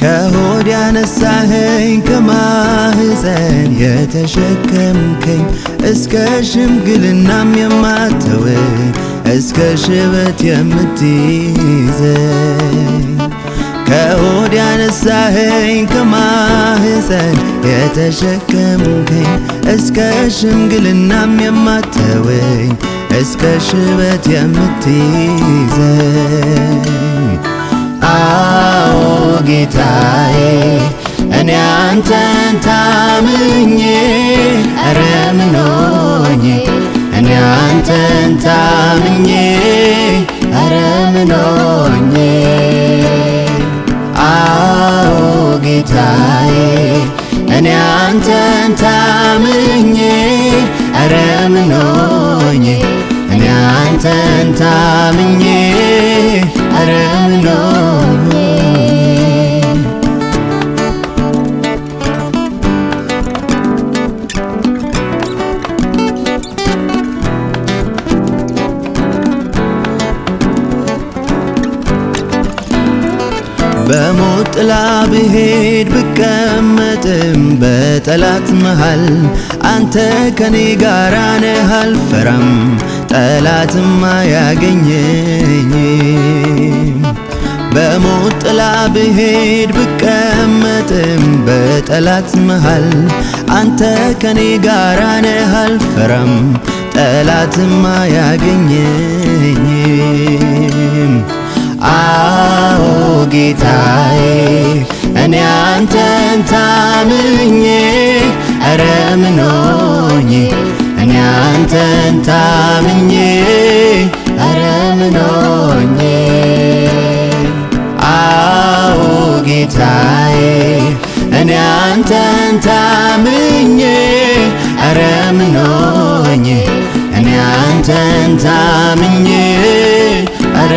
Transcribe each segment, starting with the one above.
ከሆድ ያነሳኸኝ ከማህፀን የተሸከምከኝ እስከ ሽምግልናም የማተወኝ እስከ ሽበት የምትይዘኝ ከሆድ ያነሳኸኝ ከማህፀን የተሸከምከኝ እስከ ሽምግልናም የማተወኝ እስከ ሽበት የምትይዘኝ አዎ ጌታዬ እኔ አንተን ታምኜ እረ ምኖኜ እኔ አንተን ታምኜ እረ አዎ ጌታዬ እኔ አንተን ታምኜ እረ እኔ አንተን ታምኜ በሞት ጥላ ብሄድ ብቀመጥም በጠላት መሃል አንተ ከኔ ጋራ ነህ አልፈራም፣ ጠላትም አያገኘኝም። በሞት ጥላ ብሄድ ብቀመጥም በጠላት መሃል አንተ ከኔ ጋራ ነህ አልፈራም፣ ጠላትም አያገኘኝም። ጌታዬ እኔ አንተን ታምኜ እረ ምኖኜ እኔ አንተን ታምኜ እረ ምኖኜ አዎ ጌታዬ እኔ አንተን ታምኜ እረ እኔ አንተን ታምኜ እረ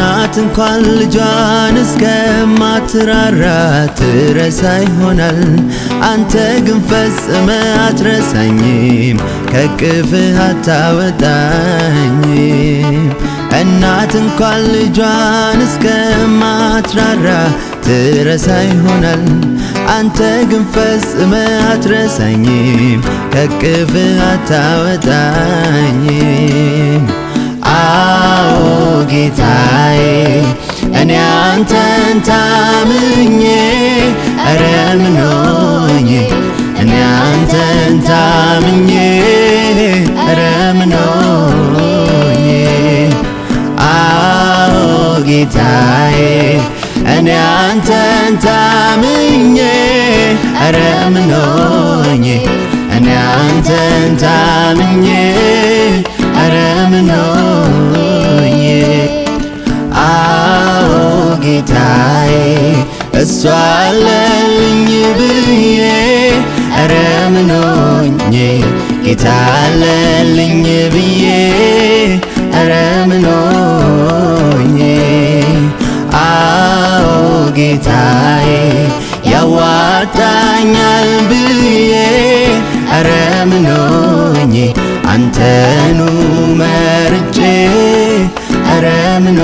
እናት እንኳን ልጇን እስከማትራራ ትረሳ ይሆናል። አንተ ግን ፈጽመ አትረሳኝም፣ ከቅፍህ አታወጣኝም። እናት እንኳን ልጇን እስከማትራራ ትረሳ ይሆናል። አንተ ግን ፈጽመ አትረሳኝም፣ ከቅፍህ አታወጣኝም። አዎ ጌታዬ እኔ አንተን ታምኜ ረምኖኝ እኔ አንተን ታምኜ ረምኖኝ አዎ ጌታዬ እኔ አንተን ታምኜ ረምኖኝ እኔ አንተን ታምኜ ጌታዬ እሷ አለልኝ ብዬ ኧረ ምን ሆኜ ጌታ አለልኝ ብዬ ኧረ ምን ሆኜ አዎ ጌታዬ ያዋጣኛል ብዬ ኧረ ምን ሆኜ አንተኑ መርጬ ኧረ ምን